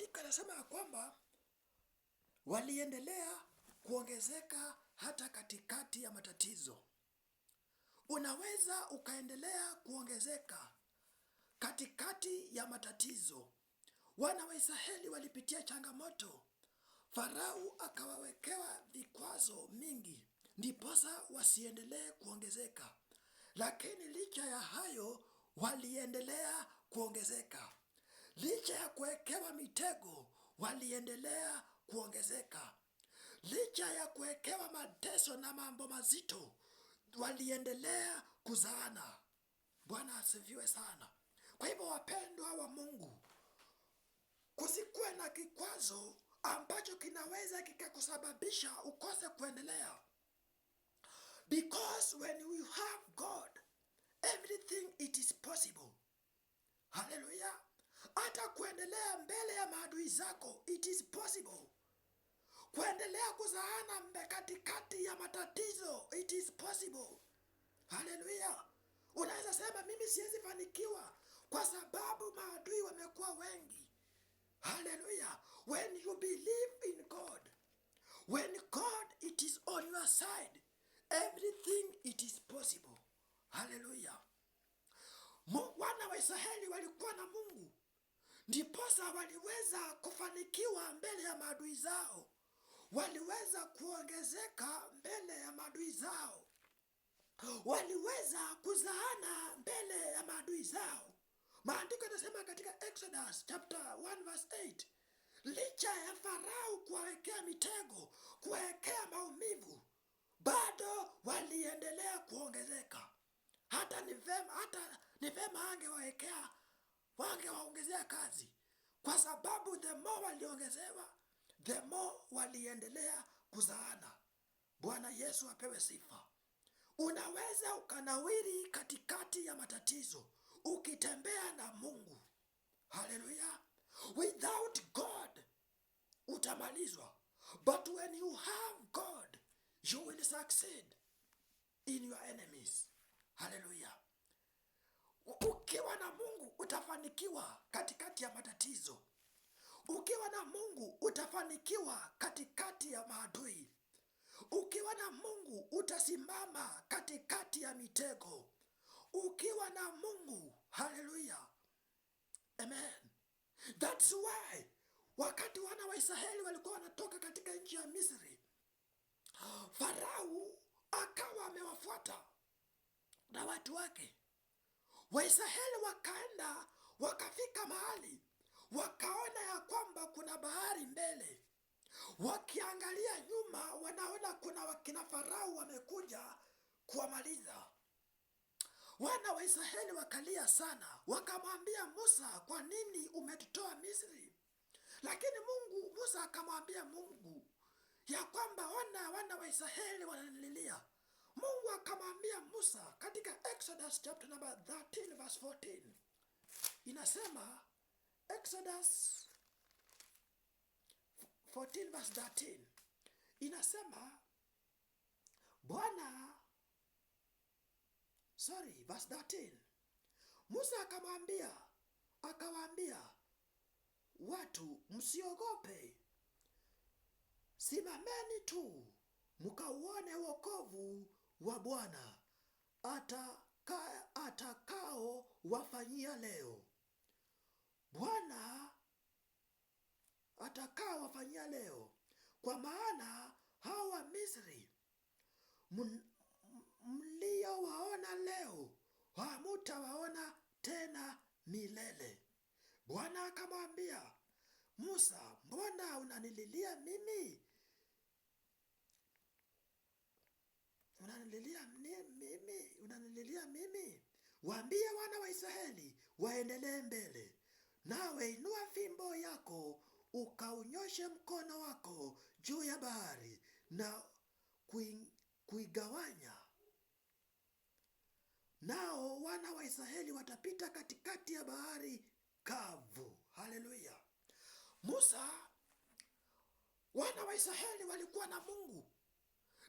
maandiko yanasema ya kwamba waliendelea kuongezeka hata katikati ya matatizo. Unaweza ukaendelea kuongezeka katikati ya matatizo. Wana wa Israeli walipitia changamoto. Farao akawawekewa vikwazo mingi, ndiposa wasiendelee kuongezeka, lakini licha ya hayo waliendelea kuongezeka. Licha ya kuwekewa mitego, waliendelea kuongezeka. Licha ya kuwekewa mateso na mambo mazito, waliendelea kuzaana. Bwana asifiwe sana. Kwa hivyo, wapendwa wa Mungu, kusikuwe na kikwazo ambacho kinaweza kikakusababisha ukose kuendelea, because when we have God everything it is possible. Haleluya! hata kuendelea mbele ya maadui zako. It is possible kuendelea kuzaana mbe katikati ya matatizo. It is possible. Haleluya! Unaweza sema mimi siwezi fanikiwa kwa sababu maadui wamekuwa wengi. Haleluya! When you believe in God, when God it is on your side, everything it is possible. Haleluya! Wana wa Israeli walikuwa na Mungu Ndiposa waliweza kufanikiwa mbele ya maadui zao, waliweza kuongezeka mbele ya maadui zao, waliweza kuzaana mbele ya maadui zao. Maandiko yanasema katika Exodus chapter 1 verse 8, licha ya Farao kuwawekea mitego, kuwawekea maumivu, bado waliendelea kuongezeka. Hata ni vema, hata ni vema angewawekea wangewaongezea kazi, kwa sababu the more waliongezewa, the more waliendelea kuzaana. Bwana Yesu apewe sifa. Unaweza ukanawiri katikati ya matatizo ukitembea na Mungu. Haleluya! without God utamalizwa, but when you have God you will succeed in your enemies. Haleluya! na Mungu utafanikiwa katikati ya matatizo. Ukiwa na Mungu utafanikiwa katikati ya maadui. Ukiwa na Mungu utasimama katikati ya mitego. Ukiwa na Mungu, haleluya, amen. That's why wakati wana wa Israeli walikuwa wanatoka katika nchi ya Misri, Farao akawa amewafuata na watu wake Waisraeli wakaenda wakafika mahali wakaona ya kwamba kuna bahari mbele, wakiangalia nyuma wanaona kuna wakina Farao wamekuja kuwamaliza wana wa Israeli. Wakalia sana, wakamwambia Musa, kwa nini umetutoa Misri? Lakini Mungu Musa akamwambia Mungu ya kwamba ona, wana wa Israeli wananililia Mungu akamwambia Musa katika Exodus chapter number 13 verse 14, inasema Exodus 14 verse 13 inasema Bwana sorry, verse 13, Musa akamwambia akawaambia watu, msiogope, simameni tu mkauone wokovu wa Bwana ataka, atakao wafanyia leo. Bwana atakao wafanyia leo, kwa maana hawa wa Misri mliowaona leo hamutawaona tena milele. Bwana akamwambia Musa, mbona unanililia mimi? unanililia mimi, unanililia mimi? Waambie wana wa Israeli waendelee mbele, nawe inua fimbo yako ukaunyoshe mkono wako juu ya bahari na kuigawanya, nao wana wa Israeli watapita katikati ya bahari kavu. Haleluya! Musa, wana wa Israeli walikuwa na Mungu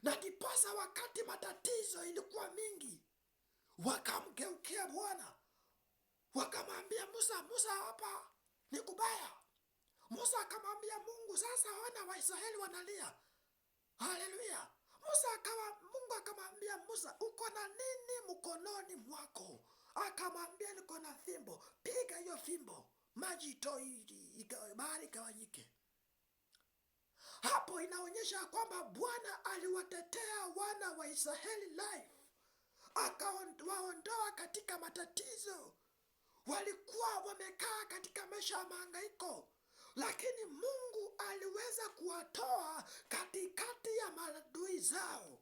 na ndiposa wakati matatizo ilikuwa mingi, wakamgeukia Bwana wakamwambia Musa, Musa, hapa ni kubaya. Musa akamwambia Mungu, sasa wana Waisraeli wanalia. Haleluya! Musa akawa, Mungu akamwambia Musa, uko na nini mkononi mwako? Akamwambia niko na fimbo. Piga hiyo fimbo, maji itoi bahari ikawanyike. Hapo inaonyesha kwamba Bwana aliwatetea wana wa Israeli life, akawaondoa katika matatizo. Walikuwa wamekaa katika maisha ya mahangaiko, lakini Mungu aliweza kuwatoa katikati ya maadui zao.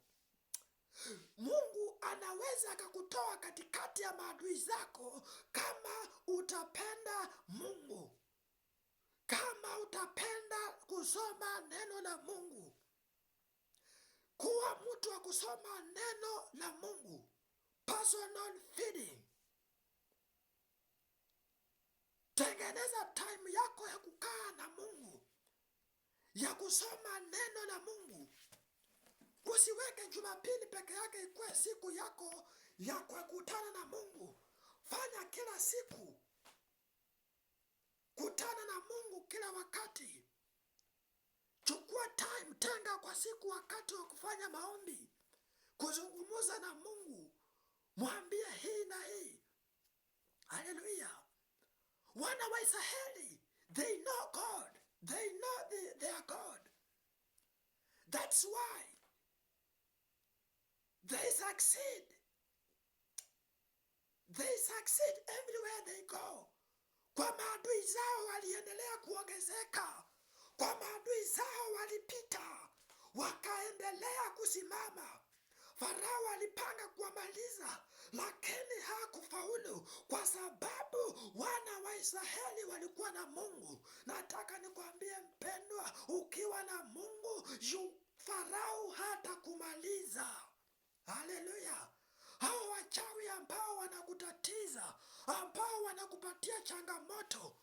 Mungu anaweza akakutoa katikati ya maadui zako kama utapenda Mungu. Kama utapenda kusoma neno la Mungu, kuwa mtu wa kusoma neno la Mungu, personal feeding. Tengeneza time yako ya kukaa na Mungu, ya kusoma neno la Mungu. Usiweke Jumapili peke yake ikuwe siku yako ya kukutana na Mungu. Fanya kila siku. Kutana na Mungu kila wakati. Chukua time, tenga kwa siku wakati wa kufanya maombi, kuzungumza na Mungu, mwambie hii na hii. Haleluya! Wana wa Israeli, they know God, they know the, their God. That's why they succeed, they succeed everywhere they go kwa maadui zao waliendelea kuongezeka, kwa maadui zao walipita, wakaendelea kusimama. Farao alipanga kuwamaliza, lakini hakufaulu kwa sababu wana wa Israeli walikuwa na Mungu. Nataka nikwambie mpendwa, ukiwa na Mungu yu Farao hata kumaliza. Haleluya! hao wachawi ambao wanakutatiza, ambao wanakupatia changamoto,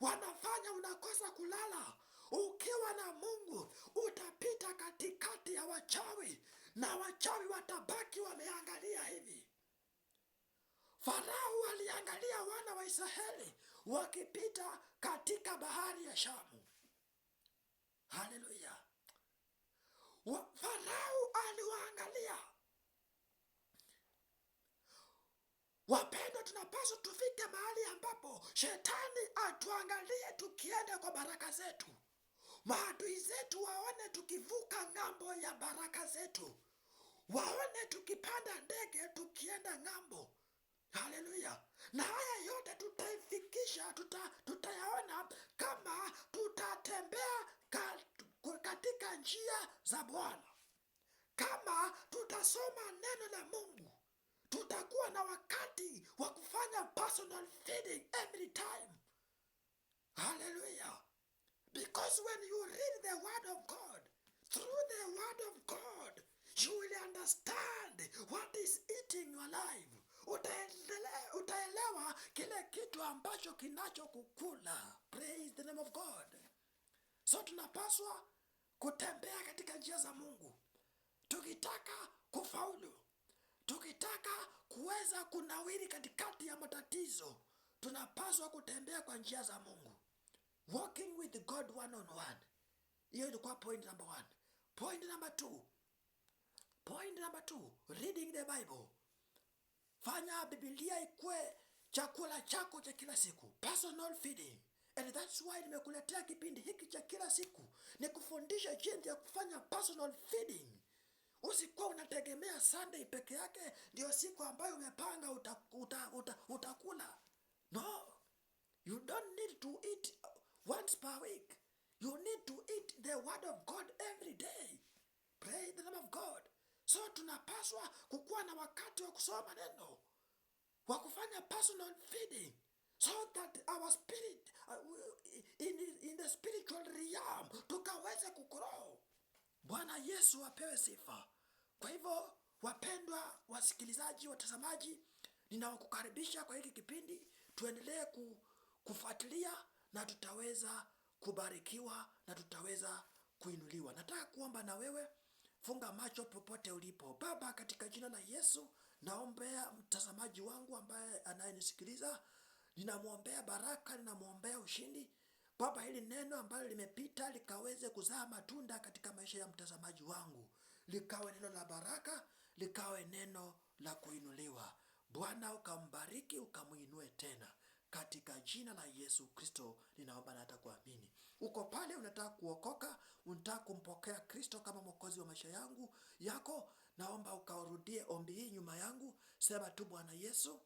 wanafanya unakosa kulala. Ukiwa na Mungu utapita katikati ya wachawi, na wachawi watabaki wameangalia hivi. Farao aliangalia wana wa Israeli wakipita katika bahari ya Shamu. Haleluya! Farao aliwaangalia Wapendwa, tunapaswa tufike mahali ambapo shetani atuangalie tukienda kwa baraka zetu, maadui zetu waone tukivuka ng'ambo ya baraka zetu, waone tukipanda ndege tukienda ng'ambo. Haleluya! Na haya yote tutaifikisha, tuta, tutayaona kama tutatembea katika njia za Bwana, kama tutasoma neno la Mungu tutakuwa na wakati wa kufanya personal feeding every time. Haleluya! Because when you read the word of God, through the word of God, you will understand what is eating your life. Utaelewa kile kitu ambacho kinachokukula. Praise the name of God. So tunapaswa kutembea katika njia za Mungu tukitaka kufaulu. Tukitaka kuweza kunawiri katikati ya matatizo, tunapaswa kutembea kwa njia za Mungu. Walking with God one on one. Hiyo ilikuwa point number one. Point number two. Point number two, reading the Bible. Fanya Biblia ikue chakula chako cha kila siku, personal feeding. And that's why nimekuletea kipindi hiki cha kila siku, ni kufundisha jinsi ya kufanya personal feeding. Usikuwa unategemea Sunday peke yake ndio siku ambayo umepanga uta, uta, uta, utakula. No, you don't need to eat once per week. You need to eat the word of God every day. Pray the name of God. So tunapaswa kukuwa na wakati wa kusoma neno, wa kufanya personal feeding so that our spirit uh, in, in the spiritual realm tukaweze kugrow. Bwana Yesu apewe sifa. Kwa hivyo, wapendwa wasikilizaji, watazamaji, ninawakukaribisha kwa hiki kipindi, tuendelee kufuatilia na tutaweza kubarikiwa na tutaweza kuinuliwa. Nataka kuomba na wewe, funga macho popote ulipo. Baba, katika jina la Yesu naombea mtazamaji wangu ambaye anayenisikiliza, ninamwombea baraka, ninamwombea ushindi. Baba, hili neno ambalo limepita likaweze kuzaa matunda katika maisha ya mtazamaji wangu likawe neno la baraka, likawe neno la kuinuliwa. Bwana ukambariki, ukamuinue tena katika jina la Yesu Kristo ninaomba na hata kuamini. Uko pale unataka kuokoka, unataka kumpokea Kristo kama mwokozi wa maisha yangu yako, naomba ukaurudie ombi hii nyuma yangu. Sema tu, Bwana Yesu,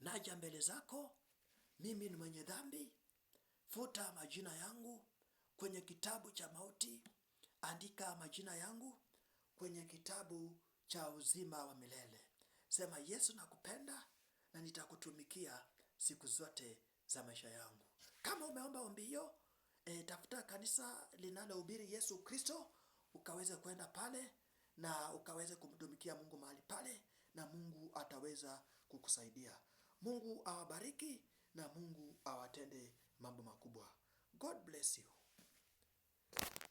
naja mbele zako, mimi ni mwenye dhambi, futa majina yangu kwenye kitabu cha mauti andika majina yangu kwenye kitabu cha uzima wa milele. Sema Yesu, nakupenda na nitakutumikia siku zote za maisha yangu. Kama umeomba ombi hiyo, e, tafuta kanisa linalohubiri Yesu Kristo ukaweze kwenda pale na ukaweze kumtumikia Mungu mahali pale, na Mungu ataweza kukusaidia. Mungu awabariki na Mungu awatende mambo makubwa. God bless you.